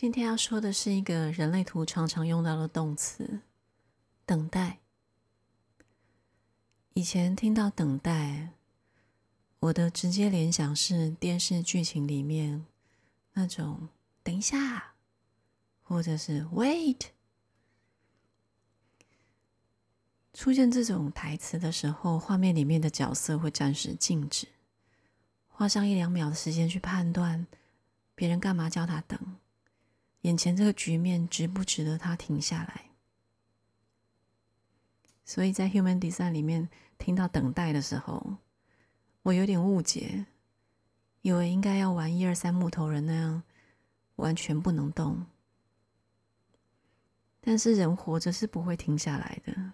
今天要說的是一個人類圖常常用到的動詞——等待。以前聽到“等待”，我的直接聯想是電視劇情裡面那種“等一下”，或者是 “wait”。出現這種台詞的時候，畫面裡面的角色會暫時靜止，花上一兩秒的時間去判斷別人幹嘛叫他等。眼前這個局面值不值得他停下來？所以在 Human Design 裡面聽到等待的時候，我有點誤解，以為應該要玩一二三木頭人那樣，完全不能動。但是人活着是不會停下來的，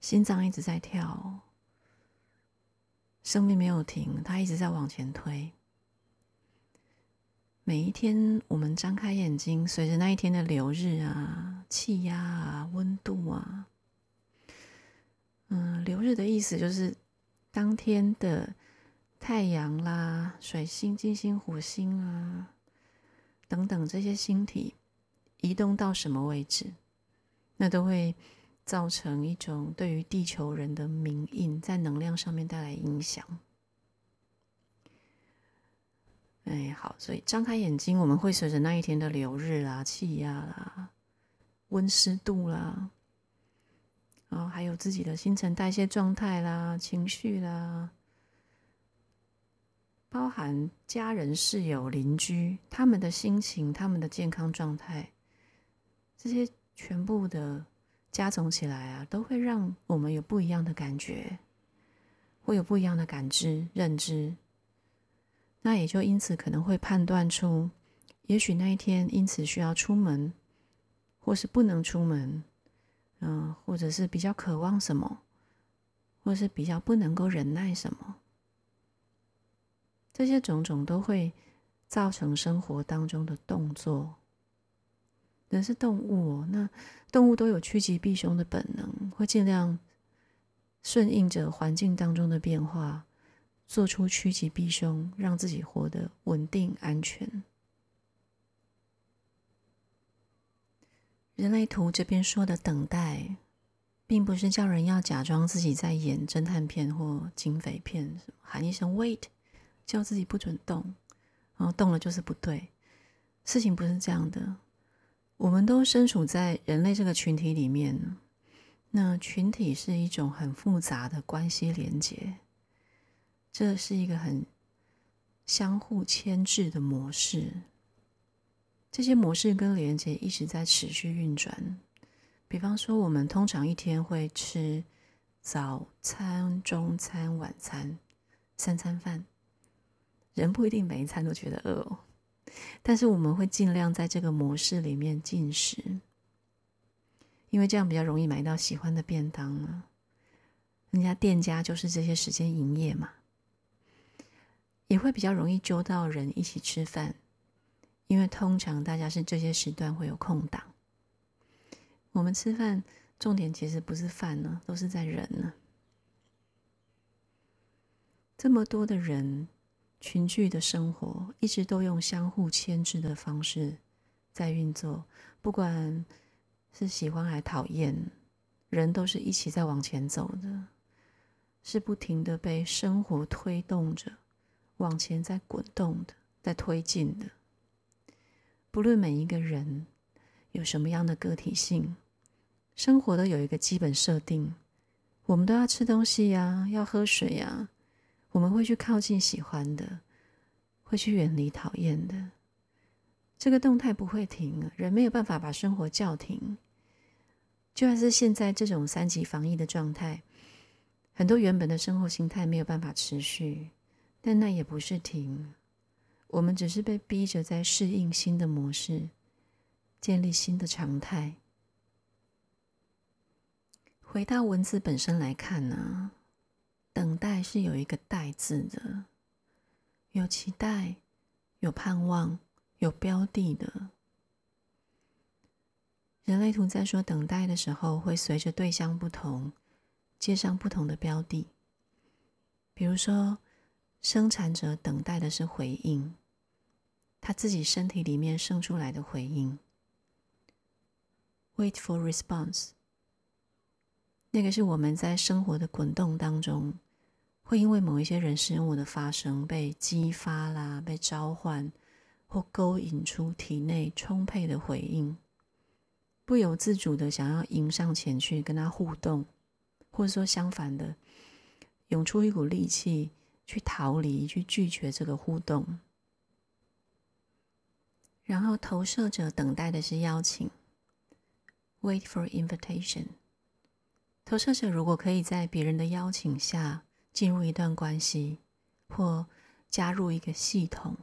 心臟一直在跳，生命沒有停，它一直在往前推。每一天，我們張開眼睛，隨着那一天的流日啊、氣壓啊、溫度啊，嗯、呃，流日的意思就是當天的太陽啦、水星、金星、火星啊等等這些星體移動到什麼位置，那都會造成一種對於地球人的冥印，在能量上面帶來影響。哎，好，所以張開眼睛，我們會隨着那一天的流日啦、氣壓啦、溫濕度啦，哦，還有自己的新陳代謝狀態啦、情緒啦，包含家人、室友、鄰居，他們的心情、他們的健康狀態，這些全部的加總起來啊，都會讓我們有不一樣的感覺，會有不一樣的感知、認知。那也就因此可能會判斷出，也許那一天因此需要出門，或是不能出門，嗯，呃，或者是比較渴望什麼，或是比較不能夠忍耐什麼，這些種種都會造成生活當中的動作。人是動物哦，那動物都有趨吉避凶的本能，會盡量順應着環境當中的變化。做出趨吉避凶，讓自己活得穩定安全。人類圖這邊說的等待，並不是叫人要假裝自己在演偵探片或警匪片，喊一聲 “wait”，叫自己不准動，然後動了就是不對。事情不是這樣的。我們都身處在人類這個群體裡面，那群體是一種很複雜的關係連結。這是一個很相互牽制的模式。這些模式跟連接一直在持續運轉。比方說，我們通常一天會吃早餐、中餐、晚餐、三餐飯。人不一定每一餐都覺得餓哦，但是我們會盡量在這個模式裡面進食，因為這樣比較容易買到喜歡的便當啊。人家店家就是這些時間營業嘛。也會比較容易揪到人一起吃飯，因為通常大家是這些時段會有空檔。我們吃飯重點其實不是飯呢、啊，都是在人呢、啊。這麼多的人群聚的生活，一直都用相互牽制的方式在運作，不管是喜歡還是討厭，人都是一起在往前走的，是不停的被生活推動着。往前在滾動的，在推進的，不論每一個人有什麼樣的個體性，生活都有一個基本設定，我們都要吃東西呀、啊，要喝水呀、啊，我們會去靠近喜歡的，會去遠離討厭的，這個動態不會停的，人沒有辦法把生活叫停。就像是現在這種三級防疫的狀態，很多原本的生活心態沒有辦法持續。但那也不是停，我們只是被逼着在適應新的模式，建立新的常態。回到文字本身來看呢、啊，等待是有一個待字的，有期待，有盼望，有標的的。人類圖在說等待的時候，會隨着對象不同，接上不同的標的，比如說。生產者等待的是回應，他自己身體裡面生出來的回應。Wait for response，那個是我們在生活的滾動當中，會因為某一些人事物的發生被激發啦，被召喚或勾引出體內充沛的回應，不由自主的想要迎上前去跟他互動，或者說相反的，湧出一股力氣，去逃離，去拒絕這個互動，然後投射者等待的是邀請 （wait for invitation）。投射者如果可以在別人的邀請下進入一段關係，或加入一個系統、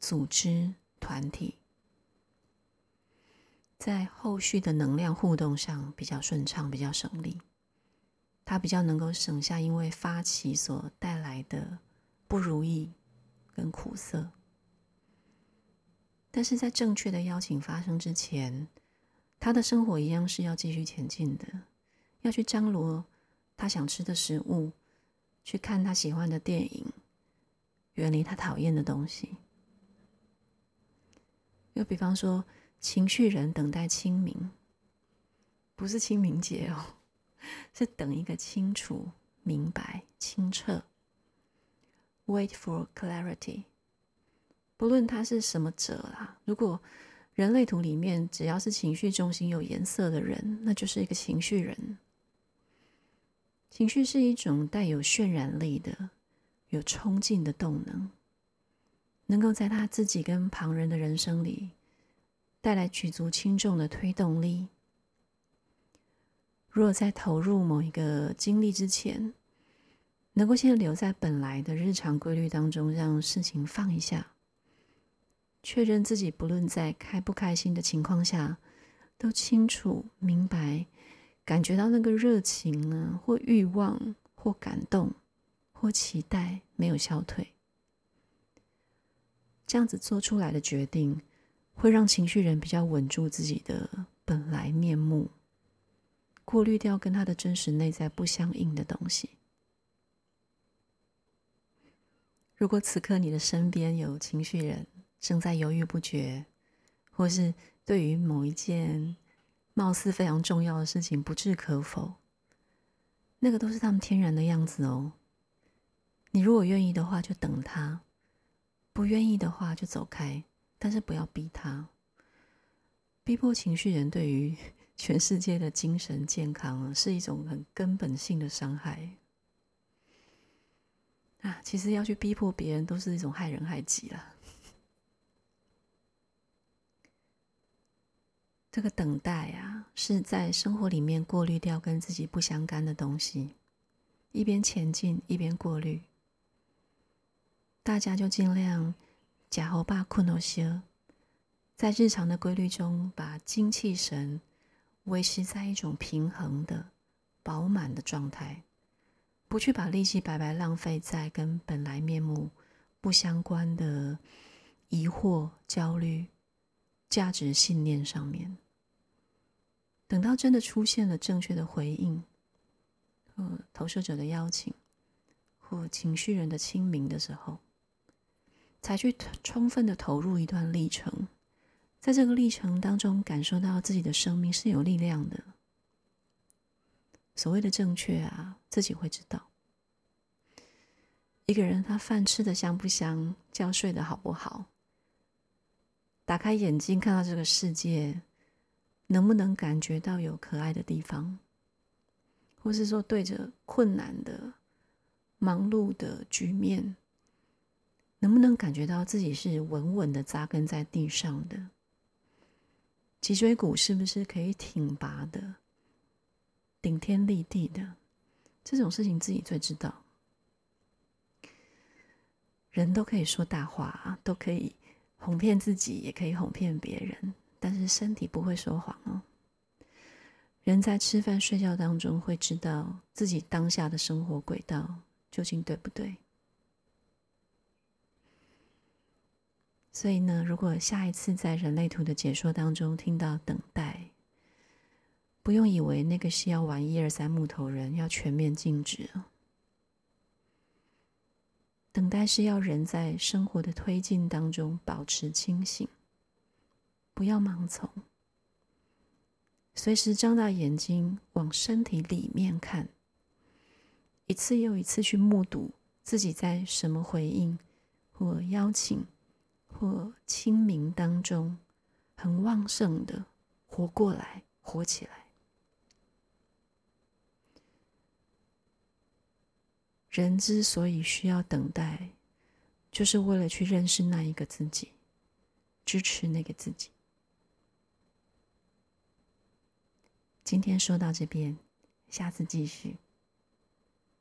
組織、團體，在後續的能量互動上比較順暢，比較省力。他比較能夠省下，因為發起所帶來的不如意跟苦澀，但是在正確的邀請發生之前，他的生活一樣是要繼續前進的，要去張羅他想吃的食物，去看他喜歡的電影，遠離他討厭的東西。又比方說，情緒人等待清明，不是清明節哦。是等一個清楚、明白、清澈。Wait for clarity。不論他是什麼者啦，如果人類圖裡面只要是情緒中心有顏色的人，那就是一個情緒人。情緒是一種帶有渲染力的、有衝勁的動能，能夠在他自己跟旁人的人生裡帶來舉足輕重的推動力。如果在投入某一個經歷之前，能夠先留在本來的日常規律當中，讓事情放一下，確認自己不論在開不開心的情況下，都清楚明白，感覺到那個熱情呢，或慾望，或感動，或期待沒有消退，這樣子做出來的決定，會讓情緒人比較穩住自己的本來面目。過濾掉跟他的真實內在不相應的東西。如果此刻你的身邊有情緒人正在猶豫不決，或是對於某一件貌似非常重要的事情不置可否，那個都是他們天然的樣子哦。你如果願意的話，就等他；不願意的話，就走開。但是不要逼他，逼迫情緒人對於。全世界的精神健康啊，是一種很根本性的傷害啊！其實要去逼迫別人，都是一種害人害己了。這個等待啊，是在生活裡面過濾掉跟自己不相干的東西，一邊前進，一邊過濾。大家就盡量假猴爸困諾些在日常的規律中把精氣神，維持在一種平衡的、飽滿的狀態，不去把力氣白白浪費在跟本來面目不相關的疑惑、焦慮、價值信念上面。等到真的出現了正確的回應，和投射者的邀請，或情緒人的清明的時候，才去充分的投入一段歷程。在這個歷程當中，感受到自己的生命是有力量的。所謂的正確啊，自己會知道。一個人他飯吃得香不香，覺睡得好不好，打開眼睛看到這個世界，能不能感覺到有可愛的地方，或是說對着困難的、忙碌的局面，能不能感覺到自己是穩穩的扎根在地上的？脊椎骨是不是可以挺拔的、頂天立地的？這種事情自己最知道。人都可以說大話啊，都可以哄騙自己，也可以哄騙別人，但是身體不會說謊哦。人在吃飯、睡覺當中會知道自己當下的生活軌道究竟對不對。所以呢，如果下一次在人類圖的解說當中聽到“等待”，不用以為那個是要玩一二三木頭人，要全面靜止。等待是要人在生活的推進當中保持清醒，不要盲從，隨時睜大眼睛往身體裡面看，一次又一次去目睹自己在什麼回應或邀請，或清明當中，很旺盛的活過來，活起來。人之所以需要等待，就是為了去認識那一個自己，支持那個自己。今天說到這邊，下次繼續。